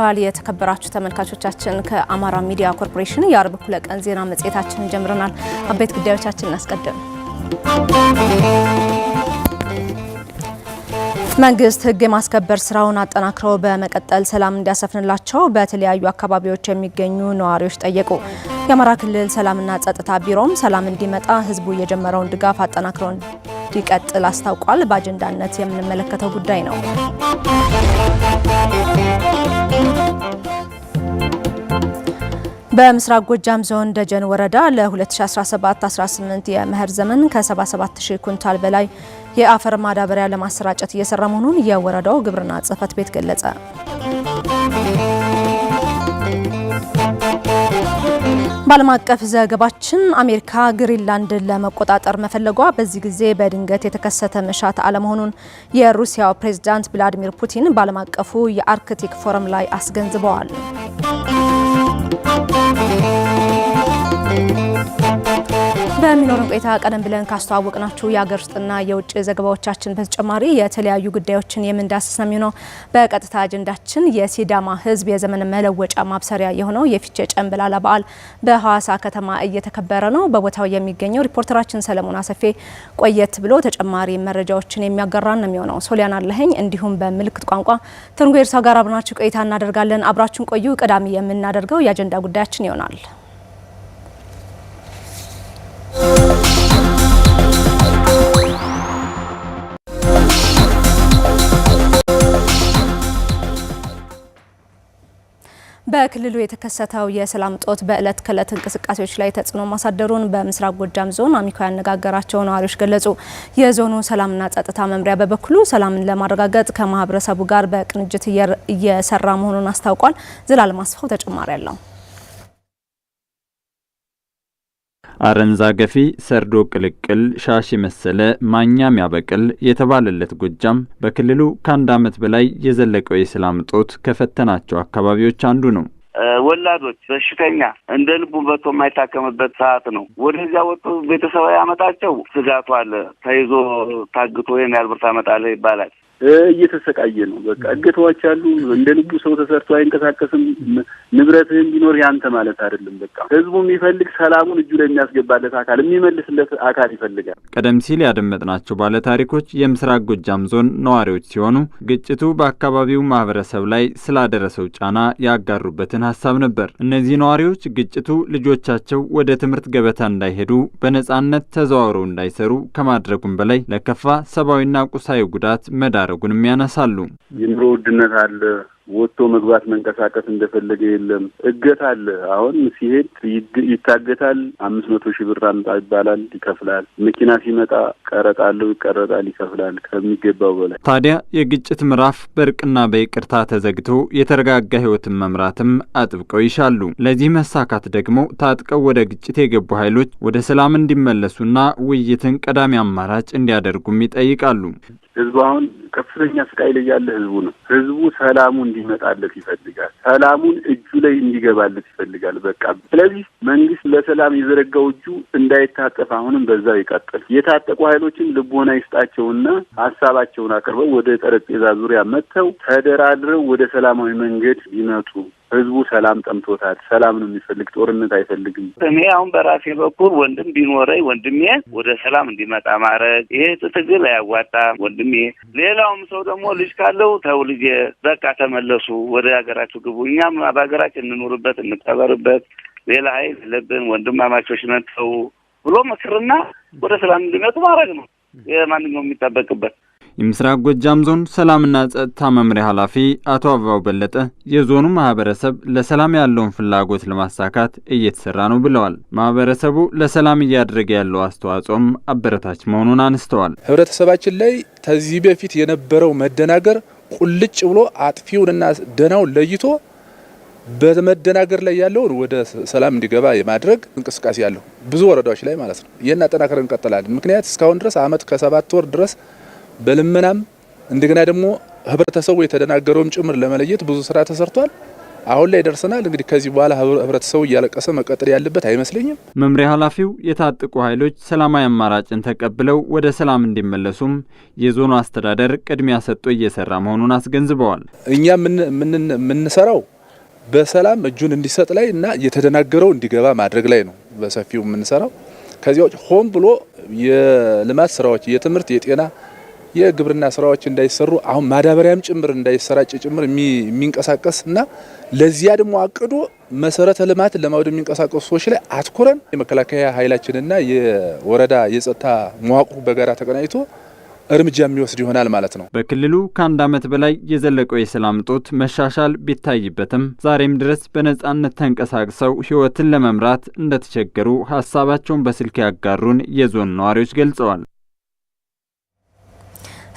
ቆይታችኋል። የተከበራችሁ ተመልካቾቻችን ከአማራ ሚዲያ ኮርፖሬሽን የአርብ እኩለ ቀን ዜና መጽሔታችንን ጀምረናል። አበይት ጉዳዮቻችን እናስቀድም። መንግስት ህግ የማስከበር ስራውን አጠናክረው በመቀጠል ሰላም እንዲያሰፍንላቸው በተለያዩ አካባቢዎች የሚገኙ ነዋሪዎች ጠየቁ። የአማራ ክልል ሰላምና ጸጥታ ቢሮም ሰላም እንዲመጣ ህዝቡ የጀመረውን ድጋፍ አጠናክረው እንዲቀጥል አስታውቋል። በአጀንዳነት የምንመለከተው ጉዳይ ነው። በምስራቅ ጎጃም ዞን ደጀን ወረዳ ለ2017-18 የመኸር ዘመን ከ77000 ኩንታል በላይ የአፈር ማዳበሪያ ለማሰራጨት እየሰራ መሆኑን የወረዳው ግብርና ጽሕፈት ቤት ገለጸ። በዓለም አቀፍ ዘገባችን አሜሪካ ግሪንላንድን ለመቆጣጠር መፈለጓ በዚህ ጊዜ በድንገት የተከሰተ መሻት አለመሆኑን የሩሲያው ፕሬዝዳንት ቭላዲሚር ፑቲን በዓለም አቀፉ የአርክቲክ ፎረም ላይ አስገንዝበዋል። በሚኖረን ቆይታ ቀደም ብለን ካስተዋወቅናችሁ የሀገር ውስጥና የውጭ ዘገባዎቻችን በተጨማሪ የተለያዩ ጉዳዮችን የምንዳስስ ነው የሚሆነው። በቀጥታ አጀንዳችን የሲዳማ ሕዝብ የዘመን መለወጫ ማብሰሪያ የሆነው የፊቼ ጨንበላላ በዓል በሐዋሳ ከተማ እየተከበረ ነው። በቦታው የሚገኘው ሪፖርተራችን ሰለሞን አሰፌ ቆየት ብሎ ተጨማሪ መረጃዎችን የሚያገራ ነው የሚሆነው። ሶሊያን አለኸኝ እንዲሁም በምልክት ቋንቋ ትንጉ ኤርሳ ጋር አብረናችሁ ቆይታ እናደርጋለን። አብራችሁን ቆዩ። ቀዳሚ የምናደርገው የአጀንዳ ጉዳያችን ይሆናል። በክልሉ የተከሰተው የሰላም እጦት በዕለት ከዕለት እንቅስቃሴዎች ላይ ተጽዕኖ ማሳደሩን በምስራቅ ጎጃም ዞን አሚኮ ያነጋገራቸው ነዋሪዎች ገለጹ። የዞኑ ሰላምና ጸጥታ መምሪያ በበኩሉ ሰላምን ለማረጋገጥ ከማህበረሰቡ ጋር በቅንጅት እየሰራ መሆኑን አስታውቋል። ዝላል ማስፋው ተጨማሪ አለው። አረንዛ ገፊ፣ ሰርዶ ቅልቅል፣ ሻሽ የመሰለ ማኛ ያበቅል የተባለለት ጎጃም በክልሉ ከአንድ ዓመት በላይ የዘለቀው የሰላም እጦት ከፈተናቸው አካባቢዎች አንዱ ነው። ወላዶች በሽተኛ እንደ ልቡ በቶ የማይታከምበት ሰዓት ነው። ወደዚያ ወጡ ቤተሰባዊ ያመጣቸው ስጋቱ አለ። ተይዞ ታግቶ ወይም ያህል ታመጣለህ ይባላል። እየተሰቃየ ነው። በቃ እገታዎች አሉ። እንደ ልቡ ሰው ተሰርቶ አይንቀሳቀስም። ንብረትህም ቢኖር ያንተ ማለት አይደለም። በቃ ህዝቡ የሚፈልግ ሰላሙን እጁ ላይ የሚያስገባለት አካል፣ የሚመልስለት አካል ይፈልጋል። ቀደም ሲል ያደመጥናቸው ባለታሪኮች የምስራቅ ጎጃም ዞን ነዋሪዎች ሲሆኑ ግጭቱ በአካባቢው ማህበረሰብ ላይ ስላደረሰው ጫና ያጋሩበትን ሀሳብ ነበር። እነዚህ ነዋሪዎች ግጭቱ ልጆቻቸው ወደ ትምህርት ገበታ እንዳይሄዱ በነጻነት ተዘዋውረው እንዳይሰሩ ከማድረጉም በላይ ለከፋ ሰብአዊና ቁሳዊ ጉዳት መዳር መዳረጉንም ያነሳሉ። የኑሮ ውድነት አለ። ወጥቶ መግባት መንቀሳቀስ እንደፈለገ የለም። እገት አለ። አሁን ሲሄድ ይታገታል። አምስት መቶ ሺህ ብር አምጣ ይባላል፣ ይከፍላል። መኪና ሲመጣ ቀረጥ ይቀረጣል፣ ይከፍላል ከሚገባው በላይ። ታዲያ የግጭት ምዕራፍ በእርቅና በይቅርታ ተዘግቶ የተረጋጋ ህይወትን መምራትም አጥብቀው ይሻሉ። ለዚህ መሳካት ደግሞ ታጥቀው ወደ ግጭት የገቡ ኃይሎች ወደ ሰላም እንዲመለሱና ውይይትን ቀዳሚ አማራጭ እንዲያደርጉም ይጠይቃሉ። ህዝቡ አሁን ከፍተኛ ስቃይ ላይ ያለ ህዝቡ ነው። ህዝቡ ሰላሙ እንዲመጣለት ይፈልጋል። ሰላሙን እጁ ላይ እንዲገባለት ይፈልጋል። በቃ ስለዚህ መንግስት ለሰላም የዘረጋው እጁ እንዳይታጠፍ አሁንም በዛው ይቀጥል። የታጠቁ ኃይሎችን ልቦና ይስጣቸውና ሀሳባቸውን አቅርበው ወደ ጠረጴዛ ዙሪያ መጥተው ተደራድረው ወደ ሰላማዊ መንገድ ይመጡ። ህዝቡ ሰላም ጠምቶታል። ሰላም ነው የሚፈልግ፣ ጦርነት አይፈልግም። እኔ አሁን በራሴ በኩል ወንድም ቢኖረኝ ወንድሜ ወደ ሰላም እንዲመጣ ማድረግ ይሄ ትግል አያዋጣም ወንድሜ። ሌላውም ሰው ደግሞ ልጅ ካለው ተው ልጄ፣ በቃ ተመለሱ፣ ወደ ሀገራችሁ ግቡ፣ እኛም በሀገራችን እንኖርበት እንከበርበት፣ ሌላ ሀይል የለብን፣ ወንድማማቾች ነን፣ ተው ብሎ ምክርና ወደ ሰላም እንዲመጡ ማድረግ ነው የማንኛውም የሚጠበቅበት የምስራቅ ጎጃም ዞን ሰላምና ጸጥታ መምሪያ ኃላፊ አቶ አበባው በለጠ የዞኑ ማህበረሰብ ለሰላም ያለውን ፍላጎት ለማሳካት እየተሰራ ነው ብለዋል። ማህበረሰቡ ለሰላም እያደረገ ያለው አስተዋጽኦም አበረታች መሆኑን አንስተዋል። ህብረተሰባችን ላይ ከዚህ በፊት የነበረው መደናገር ቁልጭ ብሎ አጥፊውንና ደናውን ለይቶ በመደናገር ላይ ያለውን ወደ ሰላም እንዲገባ የማድረግ እንቅስቃሴ ያለው ብዙ ወረዳዎች ላይ ማለት ነው። ይህን አጠናክረን እንቀጥላለን። ምክንያት እስካሁን ድረስ አመት ከሰባት ወር ድረስ በልመናም እንደገና ደግሞ ህብረተሰቡ የተደናገረውም ጭምር ለመለየት ብዙ ስራ ተሰርቷል። አሁን ላይ ደርሰናል። እንግዲህ ከዚህ በኋላ ህብረተሰቡ እያለቀሰ መቀጠል ያለበት አይመስለኝም። መምሪያ ኃላፊው የታጠቁ ኃይሎች ሰላማዊ አማራጭን ተቀብለው ወደ ሰላም እንዲመለሱም የዞኑ አስተዳደር ቅድሚያ ሰጥቶ እየሰራ መሆኑን አስገንዝበዋል። እኛ የምንሰራው በሰላም እጁን እንዲሰጥ ላይ እና የተደናገረው እንዲገባ ማድረግ ላይ ነው በሰፊው የምንሰራው። ከዚያ ውጭ ሆን ብሎ የልማት ስራዎች የትምህርት፣ የጤና የግብርና ስራዎች እንዳይሰሩ አሁን ማዳበሪያም ጭምር እንዳይሰራጭ ጭምር የሚንቀሳቀስ እና ለዚያ ደግሞ አቅዶ መሰረተ ልማት ለማውደ የሚንቀሳቀሱ ሰዎች ላይ አትኩረን የመከላከያ ኃይላችንና የወረዳ የጸጥታ መዋቅሩ በጋራ ተቀናጅቶ እርምጃ የሚወስድ ይሆናል ማለት ነው። በክልሉ ከአንድ ዓመት በላይ የዘለቀው የሰላም እጦት መሻሻል ቢታይበትም ዛሬም ድረስ በነጻነት ተንቀሳቅሰው ህይወትን ለመምራት እንደተቸገሩ ሀሳባቸውን በስልክ ያጋሩን የዞን ነዋሪዎች ገልጸዋል።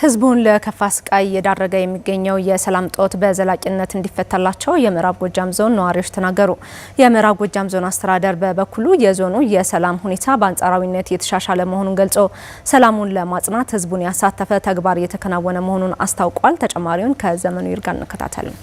ህዝቡን ለከፋ ስቃይ እየዳረገ የሚገኘው የሰላም ጦት በዘላቂነት እንዲፈታላቸው የምዕራብ ጎጃም ዞን ነዋሪዎች ተናገሩ። የምዕራብ ጎጃም ዞን አስተዳደር በበኩሉ የዞኑ የሰላም ሁኔታ በአንጻራዊነት የተሻሻለ መሆኑን ገልጾ ሰላሙን ለማጽናት ህዝቡን ያሳተፈ ተግባር እየተከናወነ መሆኑን አስታውቋል። ተጨማሪውን ከዘመኑ ይርጋ እንከታተልም።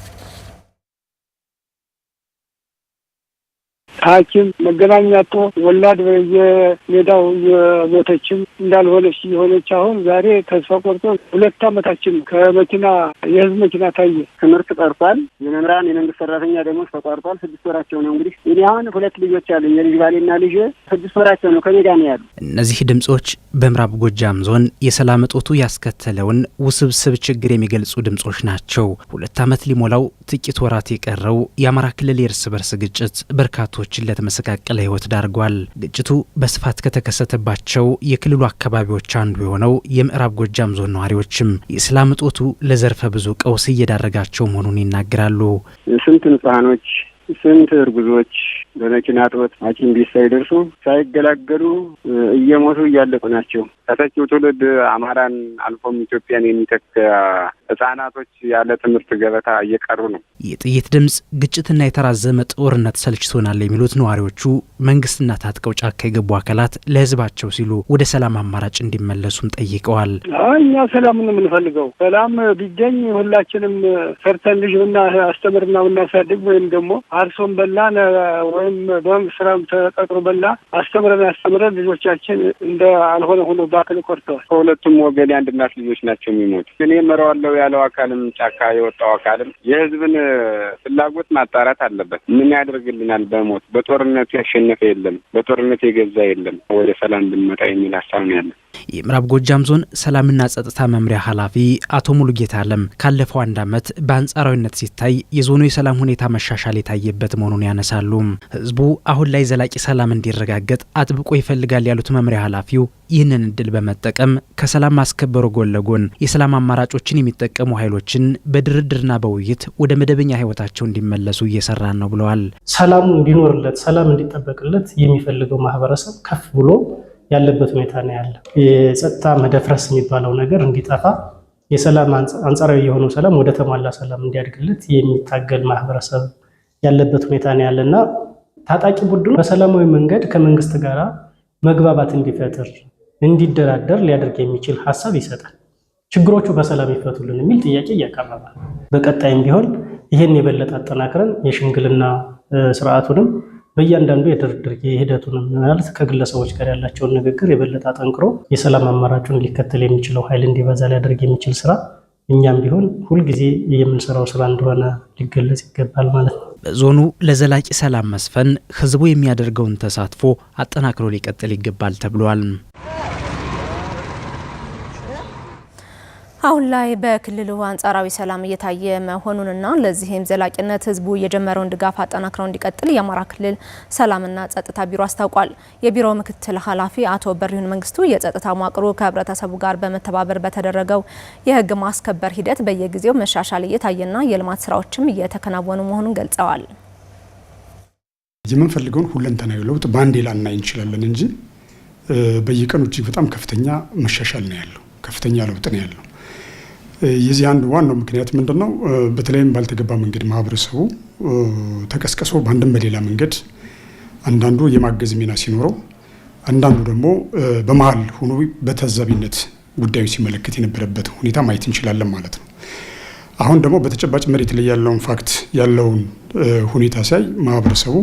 ሐኪም መገናኛ ቶ ወላድ በየሜዳው የሞተችም እንዳልሆነች የሆነች አሁን ዛሬ ተስፋ ቆርጦ ሁለት አመታችን ከመኪና የህዝብ መኪና ታየ። ትምህርት ቀርቷል። የመምህራን የመንግስት ሰራተኛ ደግሞ ተቋርጧል። ስድስት ወራቸው ነው እንግዲህ እኔ አሁን ሁለት ልጆች አሉ። የልጅ ባሌና ልጅ ስድስት ወራቸው ነው ከሜዳ ነው ያሉ። እነዚህ ድምጾች በምዕራብ ጎጃም ዞን የሰላም እጦቱ ያስከተለውን ውስብስብ ችግር የሚገልጹ ድምጾች ናቸው። ሁለት አመት ሊሞላው ጥቂት ወራት የቀረው የአማራ ክልል የእርስ በርስ ግጭት በርካቶች ሰዎችን ለተመሰቃቀለ ህይወት ዳርጓል። ግጭቱ በስፋት ከተከሰተባቸው የክልሉ አካባቢዎች አንዱ የሆነው የምዕራብ ጎጃም ዞን ነዋሪዎችም የሰላም እጦቱ ለዘርፈ ብዙ ቀውስ እየዳረጋቸው መሆኑን ይናገራሉ። ስንት ንጹሐኖች ስንት እርጉዞች በመኪና እጦት ሐኪም ቤት ሳይደርሱ ሳይገላገሉ እየሞቱ እያለቁ ናቸው። ተተኪው ትውልድ አማራን አልፎም ኢትዮጵያን የሚተክ ህጻናቶች ያለ ትምህርት ገበታ እየቀሩ ነው። የጥይት ድምፅ፣ ግጭትና የተራዘመ ጦርነት ሰልችቶናል የሚሉት ነዋሪዎቹ መንግስትና ታጥቀው ጫካ የገቡ አካላት ለህዝባቸው ሲሉ ወደ ሰላም አማራጭ እንዲመለሱም ጠይቀዋል። እኛ ሰላም ነው የምንፈልገው። ሰላም ቢገኝ ሁላችንም ሰርተን ልጅ ብና አስተምርና ብናሳድግ ወይም ደግሞ አርሶን በላን ወይም በም ስራም ተቀጥሮ በላ አስተምረን ያስተምረን ልጆቻችን እንደ አልሆነ ሆኖ ባክል ቆርተዋል። ከሁለቱም ወገን የአንድ እናት ልጆች ናቸው የሚሞቱ። እኔ እመራዋለሁ ያለው አካልም ጫካ የወጣው አካልም የህዝብን ፍላጎት ማጣራት አለበት። ምን ያደርግልናል በሞት በጦርነቱ ያሸነፈ የለም፣ በጦርነት የገዛ የለም። ወደ ሰላም ብንመጣ የሚል ሀሳብ ነው ያለን። የምዕራብ ጎጃም ዞን ሰላምና ጸጥታ መምሪያ ኃላፊ አቶ ሙሉጌታ አለም ካለፈው አንድ ዓመት በአንጻራዊነት ሲታይ የዞኑ የሰላም ሁኔታ መሻሻል የታየበት መሆኑን ያነሳሉ። ህዝቡ አሁን ላይ ዘላቂ ሰላም እንዲረጋገጥ አጥብቆ ይፈልጋል ያሉት መምሪያ ኃላፊው ይህንን እድል በመጠቀም ከሰላም ማስከበሩ ጎን ለጎን የሰላም አማራጮችን የሚጠቀሙ ኃይሎችን በድርድርና በውይይት ወደ መደበኛ ህይወታቸው እንዲመለሱ እየሰራን ነው ብለዋል። ሰላሙ እንዲኖርለት፣ ሰላም እንዲጠበቅለት የሚፈልገው ማህበረሰብ ከፍ ብሎ ያለበት ሁኔታ ነው ያለ። የጸጥታ መደፍረስ የሚባለው ነገር እንዲጠፋ የሰላም አንጻራዊ የሆነው ሰላም ወደ ተሟላ ሰላም እንዲያድግለት የሚታገል ማህበረሰብ ያለበት ሁኔታ ነው ያለ እና ታጣቂ ቡድኑ በሰላማዊ መንገድ ከመንግስት ጋር መግባባት እንዲፈጥር እንዲደራደር ሊያደርግ የሚችል ሀሳብ ይሰጣል። ችግሮቹ በሰላም ይፈቱልን የሚል ጥያቄ እያቀረበ በቀጣይም ቢሆን ይህን የበለጠ አጠናክረን የሽምግልና ስርዓቱንም በእያንዳንዱ የድርድር የሂደቱን ምናልስ ከግለሰቦች ጋር ያላቸውን ንግግር የበለጠ አጠንክሮ የሰላም አማራጩን ሊከተል የሚችለው ኃይል እንዲበዛ ሊያደርግ የሚችል ስራ እኛም ቢሆን ሁልጊዜ የምንሰራው ስራ እንደሆነ ሊገለጽ ይገባል ማለት ነው። በዞኑ ለዘላቂ ሰላም መስፈን ህዝቡ የሚያደርገውን ተሳትፎ አጠናክሮ ሊቀጥል ይገባል ተብሏል። አሁን ላይ በክልሉ አንጻራዊ ሰላም እየታየ መሆኑንና ለዚህም ዘላቂነት ህዝቡ የጀመረውን ድጋፍ አጠናክረው እንዲቀጥል የአማራ ክልል ሰላምና ጸጥታ ቢሮ አስታውቋል። የቢሮው ምክትል ኃላፊ አቶ በሪሁን መንግስቱ የጸጥታ መዋቅሩ ከህብረተሰቡ ጋር በመተባበር በተደረገው የህግ ማስከበር ሂደት በየጊዜው መሻሻል እየታየና የልማት ስራዎችም እየተከናወኑ መሆኑን ገልጸዋል። የምንፈልገውን ሁለንተናዊ ለውጥ በአንዴ ላናይ እንችላለን እንጂ በየቀኑ እጅግ በጣም ከፍተኛ መሻሻል ነው ያለው፣ ከፍተኛ ለውጥ ነው ያለው የዚህ አንድ ዋናው ምክንያት ምንድን ነው? በተለይም ባልተገባ መንገድ ማህበረሰቡ ተቀስቅሶ በአንድም በሌላ መንገድ አንዳንዱ የማገዝ ሚና ሲኖረው፣ አንዳንዱ ደግሞ በመሀል ሆኖ በታዛቢነት ጉዳዩ ሲመለከት የነበረበት ሁኔታ ማየት እንችላለን ማለት ነው። አሁን ደግሞ በተጨባጭ መሬት ላይ ያለውን ፋክት ያለውን ሁኔታ ሲያይ ማህበረሰቡ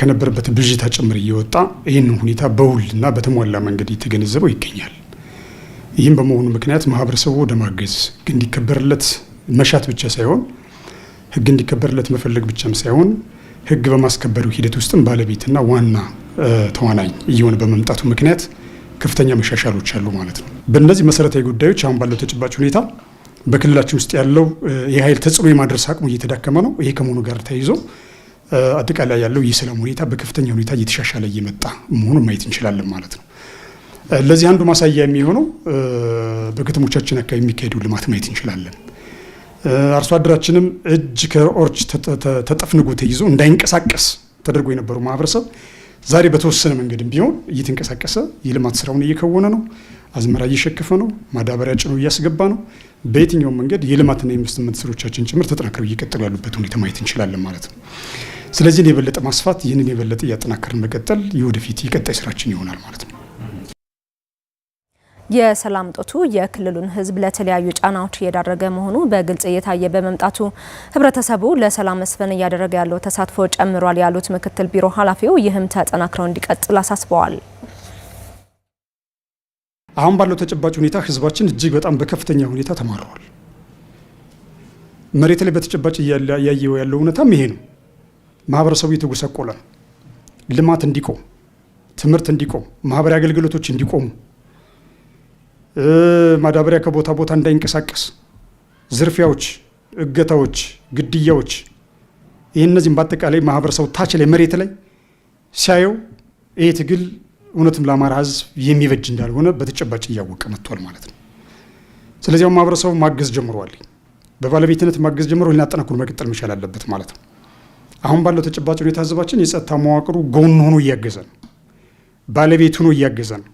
ከነበረበት ብዥታ ጭምር እየወጣ ይህንን ሁኔታ በውል ና በተሟላ መንገድ እየተገነዘበው ይገኛል። ይህም በመሆኑ ምክንያት ማህበረሰቡ ወደ ማገዝ ህግ እንዲከበርለት መሻት ብቻ ሳይሆን ህግ እንዲከበርለት መፈለግ ብቻም ሳይሆን ህግ በማስከበሩ ሂደት ውስጥም ባለቤትና ዋና ተዋናኝ እየሆነ በመምጣቱ ምክንያት ከፍተኛ መሻሻሎች አሉ ማለት ነው። በእነዚህ መሰረታዊ ጉዳዮች አሁን ባለው ተጨባጭ ሁኔታ በክልላችን ውስጥ ያለው የኃይል ተጽዕኖ የማድረስ አቅሙ እየተዳከመ ነው። ይሄ ከመሆኑ ጋር ተያይዞ አጠቃላይ ያለው የሰላም ሁኔታ በከፍተኛ ሁኔታ እየተሻሻለ እየመጣ መሆኑን ማየት እንችላለን ማለት ነው። ለዚህ አንዱ ማሳያ የሚሆነው በከተሞቻችን አካባቢ የሚካሄዱ ልማት ማየት እንችላለን። አርሶ አደራችንም እጅ ከኦርች ተጠፍንጎ ተይዞ እንዳይንቀሳቀስ ተደርጎ የነበሩ ማህበረሰብ ዛሬ በተወሰነ መንገድም ቢሆን እየተንቀሳቀሰ የልማት ስራውን እየከወነ ነው። አዝመራ እየሸከፈ ነው። ማዳበሪያ ጭኖ እያስገባ ነው። በየትኛውም መንገድ የልማትና የኢንቨስትመንት ስሮቻችን ጭምር ተጠናክረው እየቀጠሉ ያሉበት ሁኔታ ማየት እንችላለን ማለት ነው። ስለዚህ የበለጠ ማስፋት፣ ይህንን የበለጠ እያጠናከርን መቀጠል የወደፊት የቀጣይ ስራችን ይሆናል ማለት ነው። የሰላም እጦቱ የክልሉን ህዝብ ለተለያዩ ጫናዎች እየዳረገ መሆኑ በግልጽ እየታየ በመምጣቱ ህብረተሰቡ ለሰላም መስፈን እያደረገ ያለው ተሳትፎ ጨምሯል ያሉት ምክትል ቢሮ ኃላፊው ይህም ተጠናክረው እንዲቀጥል አሳስበዋል። አሁን ባለው ተጨባጭ ሁኔታ ህዝባችን እጅግ በጣም በከፍተኛ ሁኔታ ተማረዋል። መሬት ላይ በተጨባጭ እያየው ያለው እውነታም ይሄ ነው። ማህበረሰቡ የተጎሳቆለ ነው። ልማት እንዲቆም፣ ትምህርት እንዲቆም፣ ማህበራዊ አገልግሎቶች እንዲቆሙ ማዳበሪያ ከቦታ ቦታ እንዳይንቀሳቀስ፣ ዝርፊያዎች፣ እገታዎች፣ ግድያዎች ይህ እነዚህም በአጠቃላይ ማህበረሰቡ ታች ላይ መሬት ላይ ሲያየው ይህ ትግል እውነትም ለአማራ ህዝብ የሚበጅ እንዳልሆነ በተጨባጭ እያወቀ መጥቷል ማለት ነው። ስለዚህ ማህበረሰቡ ማገዝ ጀምረዋል። በባለቤትነት ማገዝ ጀምሮ ይህን መቀጠል መቻል አለበት ማለት ነው። አሁን ባለው ተጨባጭ ሁኔታ ህዝባችን የጸጥታ መዋቅሩ ጎን ሆኖ እያገዘ ነው። ባለቤት ሆኖ እያገዘ ነው።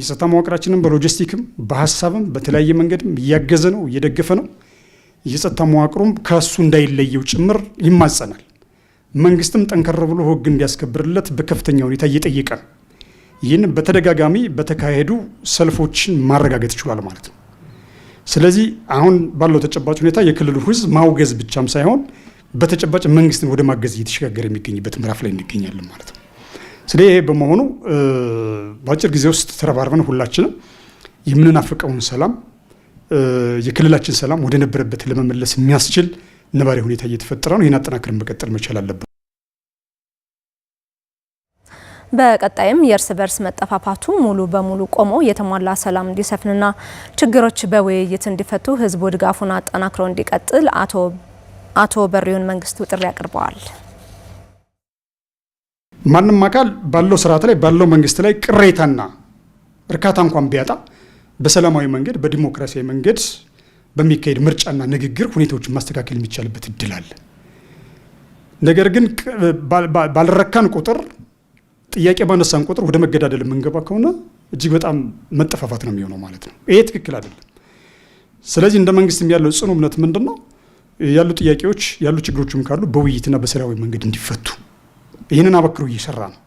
የጸጥታ መዋቅራችንም በሎጂስቲክም በሀሳብም በተለያየ መንገድም እያገዘ ነው፣ እየደገፈ ነው። የጸጥታ መዋቅሩም ከእሱ እንዳይለየው ጭምር ይማጸናል። መንግስትም ጠንከር ብሎ ህግ እንዲያስከብርለት በከፍተኛ ሁኔታ እየጠየቀ ነው። ይህን በተደጋጋሚ በተካሄዱ ሰልፎችን ማረጋገጥ ይችሏል ማለት ነው። ስለዚህ አሁን ባለው ተጨባጭ ሁኔታ የክልሉ ህዝብ ማውገዝ ብቻም ሳይሆን በተጨባጭ መንግስትን ወደ ማገዝ እየተሸጋገረ የሚገኝበት ምዕራፍ ላይ እንገኛለን ማለት ነው። ስለዚህ ይሄ በመሆኑ በአጭር ጊዜ ውስጥ ተረባርበን ሁላችንም የምንናፍቀውን ሰላም የክልላችን ሰላም ወደ ነበረበት ለመመለስ የሚያስችል ነባሪ ሁኔታ እየተፈጠረ ነው። ይህን አጠናክረን መቀጠል መቻል አለብን። በቀጣይም የእርስ በርስ መጠፋፋቱ ሙሉ በሙሉ ቆሞ የተሟላ ሰላም እንዲሰፍንና ችግሮች በውይይት እንዲፈቱ ህዝቡ ድጋፉን አጠናክሮ እንዲቀጥል አቶ በሪውን መንግስቱ ጥሪ አቅርበዋል። ማንም አካል ባለው ስርዓት ላይ ባለው መንግስት ላይ ቅሬታና እርካታ እንኳን ቢያጣ በሰላማዊ መንገድ በዲሞክራሲያዊ መንገድ በሚካሄድ ምርጫና ንግግር ሁኔታዎችን ማስተካከል የሚቻልበት እድል አለ። ነገር ግን ባልረካን ቁጥር ጥያቄ ባነሳን ቁጥር ወደ መገዳደል የምንገባ ከሆነ እጅግ በጣም መጠፋፋት ነው የሚሆነው ማለት ነው። ይሄ ትክክል አይደለም። ስለዚህ እንደ መንግስትም ያለው ጽኑ እምነት ምንድን ነው? ያሉ ጥያቄዎች ያሉ ችግሮችም ካሉ በውይይትና በሰላማዊ መንገድ እንዲፈቱ ይህንን አበክሮ እየሰራ ነው።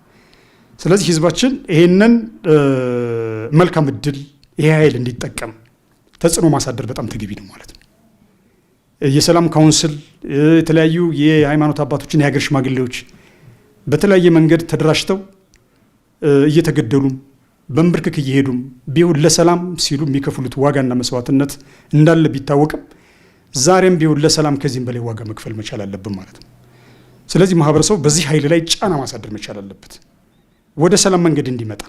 ስለዚህ ህዝባችን ይህንን መልካም እድል ይሄ ኃይል እንዲጠቀም ተጽዕኖ ማሳደር በጣም ተገቢ ነው ማለት ነው። የሰላም ካውንስል የተለያዩ የሃይማኖት አባቶችን የሀገር ሽማግሌዎች በተለያየ መንገድ ተደራጅተው እየተገደሉም በንብርክክ እየሄዱም ቢሆን ለሰላም ሲሉ የሚከፍሉት ዋጋና መስዋዕትነት እንዳለ ቢታወቅም ዛሬም ቢሆን ለሰላም ከዚህም በላይ ዋጋ መክፈል መቻል አለብን ማለት ነው። ስለዚህ ማህበረሰቡ በዚህ ኃይል ላይ ጫና ማሳደር መቻል አለበት። ወደ ሰላም መንገድ እንዲመጣ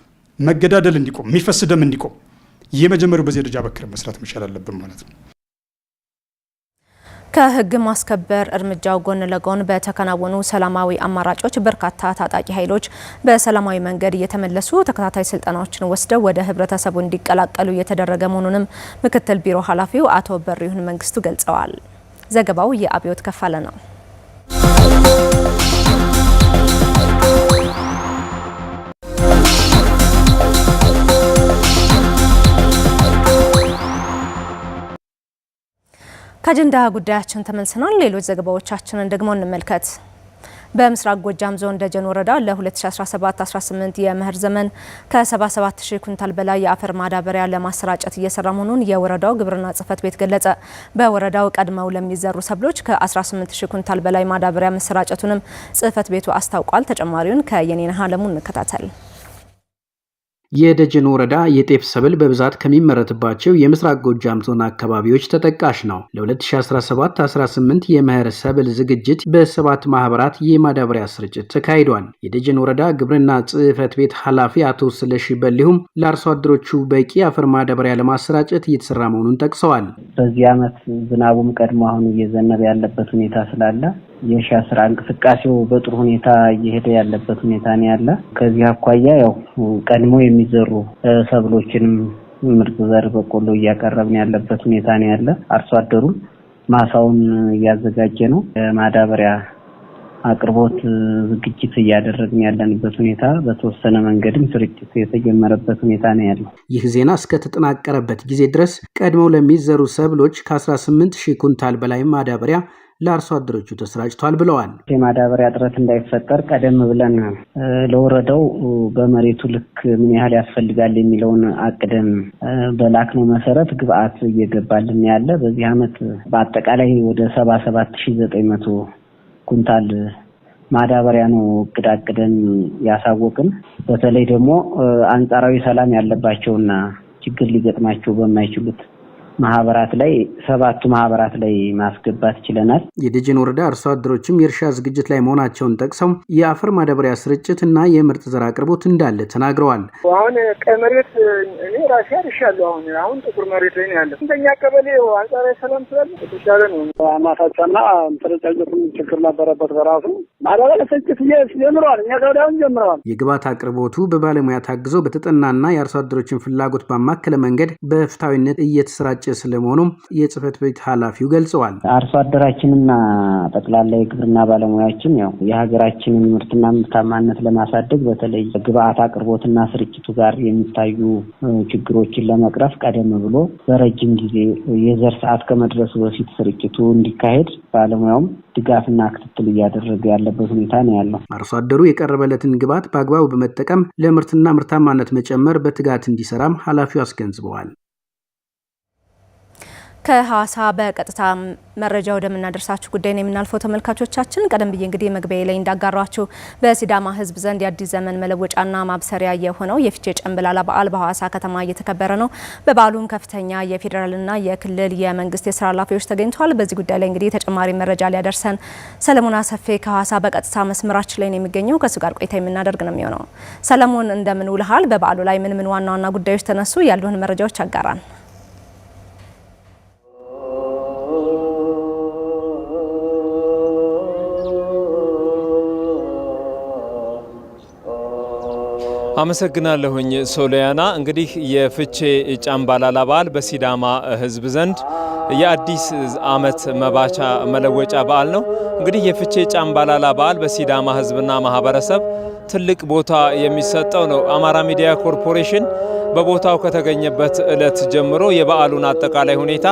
መገዳደል እንዲቆም፣ የሚፈስ ደም እንዲቆም የመጀመሪያው በዚህ ደረጃ በክረ መስራት መቻል አለብን ማለት ነው። ከህግ ማስከበር እርምጃው ጎን ለጎን በተከናወኑ ሰላማዊ አማራጮች በርካታ ታጣቂ ኃይሎች በሰላማዊ መንገድ እየተመለሱ ተከታታይ ስልጠናዎችን ወስደው ወደ ህብረተሰቡ እንዲቀላቀሉ እየተደረገ መሆኑንም ምክትል ቢሮ ኃላፊው አቶ በሪሁን መንግስቱ ገልጸዋል። ዘገባው የአብዮት ከፋለ ነው። ከአጀንዳ ጉዳያችን ተመልሰናል። ሌሎች ዘገባዎቻችንን ደግሞ እንመልከት። በምስራቅ ጎጃም ዞን ደጀን ወረዳ ለ2017-18 የመኸር ዘመን ከ77000 ኩንታል በላይ የአፈር ማዳበሪያ ለማሰራጨት እየሰራ መሆኑን የወረዳው ግብርና ጽሕፈት ቤት ገለጸ። በወረዳው ቀድመው ለሚዘሩ ሰብሎች ከ18000 ኩንታል በላይ ማዳበሪያ መሰራጨቱንም ጽሕፈት ቤቱ አስታውቋል። ተጨማሪውን ከየኔነህ አለሙ እንከታተል። የደጀን ወረዳ የጤፍ ሰብል በብዛት ከሚመረትባቸው የምስራቅ ጎጃም ዞን አካባቢዎች ተጠቃሽ ነው። ለ2017-18 የመኸር ሰብል ዝግጅት በሰባት ማህበራት የማዳበሪያ ስርጭት ተካሂዷል። የደጀን ወረዳ ግብርና ጽሕፈት ቤት ኃላፊ አቶ ስለሺ በሊሁም ለአርሶ አደሮቹ በቂ አፈር ማዳበሪያ ለማሰራጨት እየተሰራ መሆኑን ጠቅሰዋል። በዚህ ዓመት ዝናቡም ቀድሞ አሁን እየዘነበ ያለበት ሁኔታ ስላለ የእርሻ ስራ እንቅስቃሴው በጥሩ ሁኔታ እየሄደ ያለበት ሁኔታ ነው ያለ። ከዚህ አኳያ ያው ቀድሞ የሚዘሩ ሰብሎችንም ምርጥ ዘር በቆሎ እያቀረብን ያለበት ሁኔታ ነው ያለ። አርሶ አደሩም ማሳውን እያዘጋጀ ነው። ማዳበሪያ አቅርቦት ዝግጅት እያደረግን ያለንበት ሁኔታ በተወሰነ መንገድም ስርጭት የተጀመረበት ሁኔታ ነው ያለው። ይህ ዜና እስከተጠናቀረበት ጊዜ ድረስ ቀድሞ ለሚዘሩ ሰብሎች ከ18 ሺህ ኩንታል በላይ ማዳበሪያ ለአርሶ አደሮቹ ተሰራጭቷል ብለዋል። የማዳበሪያ እጥረት እንዳይፈጠር ቀደም ብለን ለወረደው በመሬቱ ልክ ምን ያህል ያስፈልጋል የሚለውን አቅደን በላክነው መሰረት ግብአት እየገባልን ያለ በዚህ ዓመት በአጠቃላይ ወደ ሰባ ሰባት ሺ ዘጠኝ መቶ ኩንታል ማዳበሪያ ነው እቅድ አቅደን ያሳወቅን። በተለይ ደግሞ አንጻራዊ ሰላም ያለባቸውና ችግር ሊገጥማቸው በማይችሉት ማህበራት ላይ ሰባቱ ማህበራት ላይ ማስገባት ችለናል። የደጀን ወረዳ አርሶ አደሮችም የእርሻ ዝግጅት ላይ መሆናቸውን ጠቅሰው የአፈር ማዳበሪያ ስርጭት እና የምርጥ ዘር አቅርቦት እንዳለ ተናግረዋል። አሁን ቀይ መሬት እኔ ራሴ አርሻለሁ። አሁን አሁን ጥቁር መሬት ላይ ያለ እንደኛ ቀበሌ አንጻራዊ ሰላም ስላለ የተሻለ ነው። አማታቻና ተረጫጀቱን ችግር ነበረበት በራሱ ማዳበሪያ ስርጭት ጀምረዋል። እኛ ገዳሁን ጀምረዋል። የግባት አቅርቦቱ በባለሙያ ታግዞ በተጠናና የአርሶ አደሮችን ፍላጎት ባማከለ መንገድ በፍትሐዊነት እየተሰራጨ ስለመሆኑም የጽህፈት ቤት ኃላፊው ገልጸዋል። አርሶ አደራችንና ጠቅላላ የግብርና ባለሙያዎችም ያው የሀገራችንን ምርትና ምርታማነት ለማሳደግ በተለይ ግብአት አቅርቦትና ስርጭቱ ጋር የሚታዩ ችግሮችን ለመቅረፍ ቀደም ብሎ በረጅም ጊዜ የዘር ሰዓት ከመድረሱ በፊት ስርጭቱ እንዲካሄድ ባለሙያውም ድጋፍና ክትትል እያደረገ ያለበት ሁኔታ ነው ያለው። አርሶ አደሩ የቀረበለትን ግብዓት በአግባቡ በመጠቀም ለምርትና ምርታማነት መጨመር በትጋት እንዲሰራም ኃላፊው አስገንዝበዋል። ከሀዋሳ በቀጥታ መረጃ ወደምናደርሳችሁ ጉዳይ ነው የምናልፈው። ተመልካቾቻችን ቀደም ብዬ እንግዲህ መግቢያ ላይ እንዳጋሯችሁ በሲዳማ ሕዝብ ዘንድ የአዲስ ዘመን መለወጫና ማብሰሪያ የሆነው የፊቼ ጨንበላላ በዓል በሐዋሳ ከተማ እየተከበረ ነው። በበዓሉም ከፍተኛ የፌዴራልና የክልል የመንግስት የስራ ኃላፊዎች ተገኝተዋል። በዚህ ጉዳይ ላይ እንግዲህ ተጨማሪ መረጃ ሊያደርሰን ሰለሞን አሰፌ ከሐዋሳ በቀጥታ መስመራችን ላይ ነው የሚገኘው። ከእሱ ጋር ቆይታ የምናደርግ ነው የሚሆነው። ሰለሞን እንደምን ውልሃል? በበዓሉ ላይ ምን ምን ዋና ዋና ጉዳዮች ተነሱ? ያሉን መረጃዎች አጋራን። አመሰግናለሁኝ ሶሊያና። እንግዲህ የፍቼ ጫምባላላ በዓል በሲዳማ ሕዝብ ዘንድ የአዲስ ዓመት መባቻ መለወጫ በዓል ነው። እንግዲህ የፍቼ ጫምባላላ በዓል በሲዳማ ሕዝብና ማህበረሰብ ትልቅ ቦታ የሚሰጠው ነው። አማራ ሚዲያ ኮርፖሬሽን በቦታው ከተገኘበት ዕለት ጀምሮ የበዓሉን አጠቃላይ ሁኔታ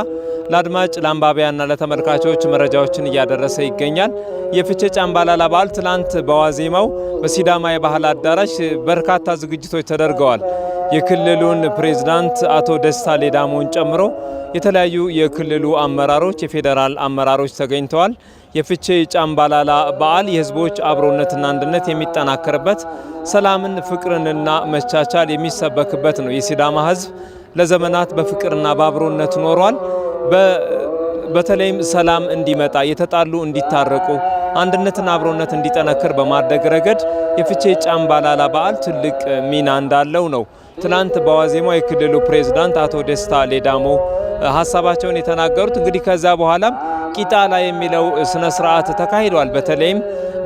ለአድማጭ ለአንባቢያና ለተመልካቾች መረጃዎችን እያደረሰ ይገኛል። የፍቼ ጫምባላላ በዓል ትላንት በዋዜማው በሲዳማ የባህል አዳራሽ በርካታ ዝግጅቶች ተደርገዋል። የክልሉን ፕሬዝዳንት አቶ ደስታ ሌዳሞን ጨምሮ የተለያዩ የክልሉ አመራሮች፣ የፌዴራል አመራሮች ተገኝተዋል። የፍቼ ጫምባላላ በዓል የህዝቦች አብሮነትና አንድነት የሚጠናከርበት ሰላምን፣ ፍቅርንና መቻቻል የሚሰበክበት ነው። የሲዳማ ህዝብ ለዘመናት በፍቅርና በአብሮነት ኖሯል። በተለይም ሰላም እንዲመጣ የተጣሉ እንዲታረቁ አንድነትና አብሮነት እንዲጠነክር በማድረግ ረገድ የፍቼ ጫምባላላ በዓል ትልቅ ሚና እንዳለው ነው ትናንት በዋዜማ የክልሉ ፕሬዝዳንት አቶ ደስታ ሌዳሞ ሀሳባቸውን የተናገሩት እንግዲህ ከዛ በኋላም ቂጣላ የሚለው ስነ ስርዓት ተካሂዷል። በተለይም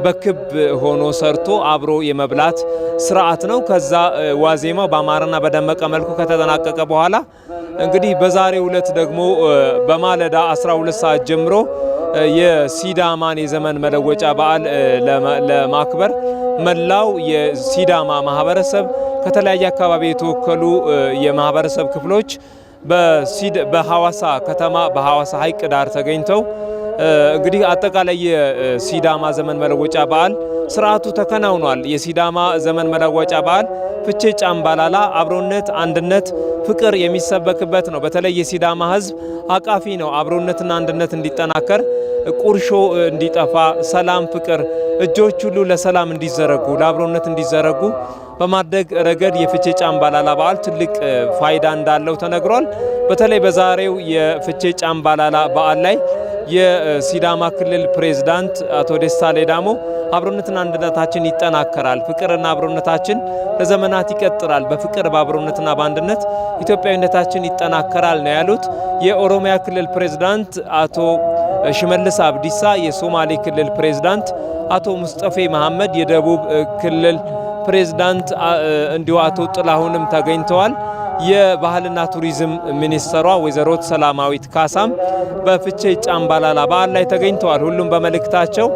በክብ ሆኖ ሰርቶ አብሮ የመብላት ስርዓት ነው። ከዛ ዋዜማ በአማረና በደመቀ መልኩ ከተጠናቀቀ በኋላ እንግዲህ በዛሬው ዕለት ደግሞ በማለዳ 12 ሰዓት ጀምሮ የሲዳማን የዘመን መለወጫ በዓል ለማክበር መላው የሲዳማ ማህበረሰብ ከተለያየ አካባቢ የተወከሉ የማህበረሰብ ክፍሎች በሐዋሳ ከተማ በሐዋሳ ሐይቅ ዳር ተገኝተው እንግዲህ አጠቃላይ የሲዳማ ዘመን መለወጫ በዓል ስርዓቱ ተከናውኗል። የሲዳማ ዘመን መለወጫ በዓል ፍቼ ጫምባላላ አብሮነት፣ አንድነት፣ ፍቅር የሚሰበክበት ነው። በተለይ የሲዳማ ህዝብ አቃፊ ነው። አብሮነትና አንድነት እንዲጠናከር፣ ቁርሾ እንዲጠፋ፣ ሰላም፣ ፍቅር እጆች ሁሉ ለሰላም እንዲዘረጉ፣ ለአብሮነት እንዲዘረጉ በማድረግ ረገድ የፍቼ ጫምባላላ በዓል ትልቅ ፋይዳ እንዳለው ተነግሯል። በተለይ በዛሬው የፍቼ ጫምባላላ በዓል ላይ የሲዳማ ክልል ፕሬዝዳንት አቶ ደስታ ሌዳሞ አብሮነትና አንድነታችን ይጠናከራል፣ ፍቅርና አብሮነታችን ለዘመናት ይቀጥላል፣ በፍቅር በአብሮነትና በአንድነት ኢትዮጵያዊነታችን ይጠናከራል ነው ያሉት። የኦሮሚያ ክልል ፕሬዝዳንት አቶ ሽመልስ አብዲሳ፣ የሶማሌ ክልል ፕሬዝዳንት አቶ ሙስጠፌ መሐመድ፣ የደቡብ ክልል ፕሬዝዳንት እንዲሁ አቶ ጥላሁንም ተገኝተዋል። የባህልና ቱሪዝም ሚኒስትሯ ወይዘሮት ሰላማዊት ካሳም በፍቼ ጫምባላላ በዓል ላይ ተገኝተዋል። ሁሉም በመልእክታቸው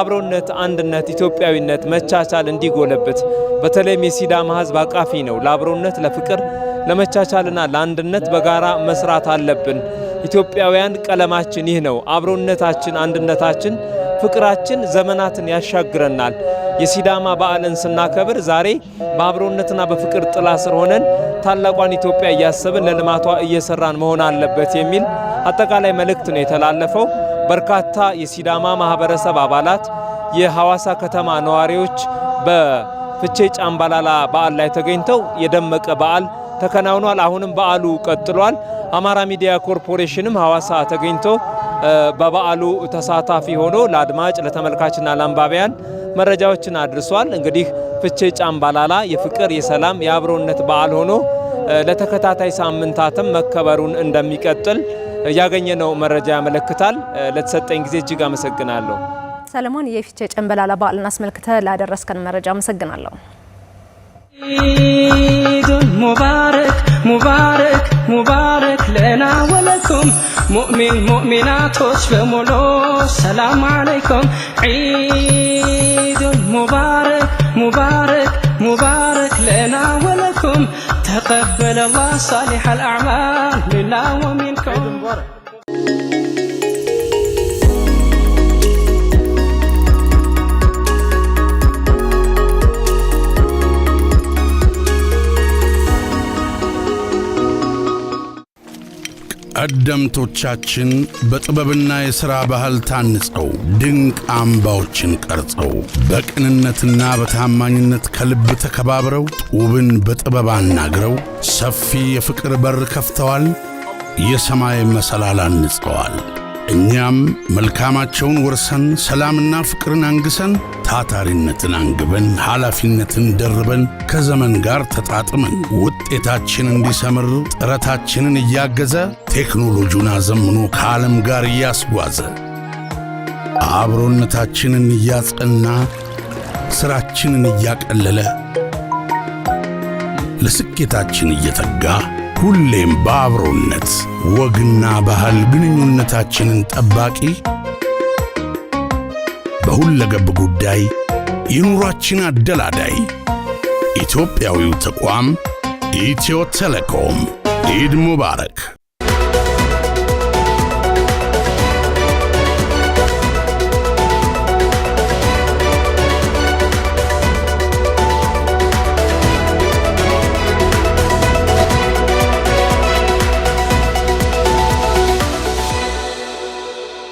አብሮነት፣ አንድነት፣ ኢትዮጵያዊነት፣ መቻቻል እንዲጎለብት በተለይም የሲዳማ ሕዝብ አቃፊ ነው። ለአብሮነት፣ ለፍቅር፣ ለመቻቻልና ለአንድነት በጋራ መስራት አለብን። ኢትዮጵያውያን ቀለማችን ይህ ነው። አብሮነታችን፣ አንድነታችን፣ ፍቅራችን ዘመናትን ያሻግረናል። የሲዳማ በዓልን ስናከብር ዛሬ በአብሮነትና በፍቅር ጥላ ስር ሆነን ታላቋን ኢትዮጵያ እያሰብን ለልማቷ እየሰራን መሆን አለበት የሚል አጠቃላይ መልእክት ነው የተላለፈው። በርካታ የሲዳማ ማህበረሰብ አባላት፣ የሐዋሳ ከተማ ነዋሪዎች በፍቼ ጫምባላላ በዓል ላይ ተገኝተው የደመቀ በዓል ተከናውኗል። አሁንም በዓሉ ቀጥሏል። አማራ ሚዲያ ኮርፖሬሽንም ሐዋሳ ተገኝቶ በበዓሉ ተሳታፊ ሆኖ ለአድማጭ ለተመልካችና ለአንባቢያን መረጃዎችን አድርሷል። እንግዲህ ፍቼ ጫምባላላ የፍቅር የሰላም የአብሮነት በዓል ሆኖ ለተከታታይ ሳምንታትም መከበሩን እንደሚቀጥል ያገኘነው መረጃ ያመለክታል። ለተሰጠኝ ጊዜ እጅግ አመሰግናለሁ ሰለሞን። የፍቼ ጨምበላላ በዓልን አስመልክተ ላደረስከን መረጃ አመሰግናለሁ። عيد مبارك مبارك مبارك لنا ولكم مؤمن مؤمناتوች በሙሉ السلام عليكم عيد مبارك مبارك مبارك لنا ولكم تقبل الله صالح الأعمال منا ومنكم ቀደምቶቻችን በጥበብና የሥራ ባህል ታንጸው ድንቅ አምባዎችን ቀርጸው በቅንነትና በታማኝነት ከልብ ተከባብረው ውብን በጥበብ አናግረው ሰፊ የፍቅር በር ከፍተዋል፣ የሰማይ መሰላል አንጸዋል። እኛም መልካማቸውን ወርሰን ሰላምና ፍቅርን አንግሰን ታታሪነትን አንግበን ኃላፊነትን ደርበን ከዘመን ጋር ተጣጥመን ውጤታችን እንዲሰምር ጥረታችንን እያገዘ ቴክኖሎጂውን አዘምኖ ከዓለም ጋር እያስጓዘ አብሮነታችንን እያጸና ሥራችንን እያቀለለ ለስኬታችን እየተጋ ሁሌም በአብሮነት ወግና ባህል ግንኙነታችንን ጠባቂ በሁለገብ ጉዳይ የኑሯችን አደላዳይ ኢትዮጵያዊው ተቋም ኢትዮ ቴሌኮም ኢድ ሙባረክ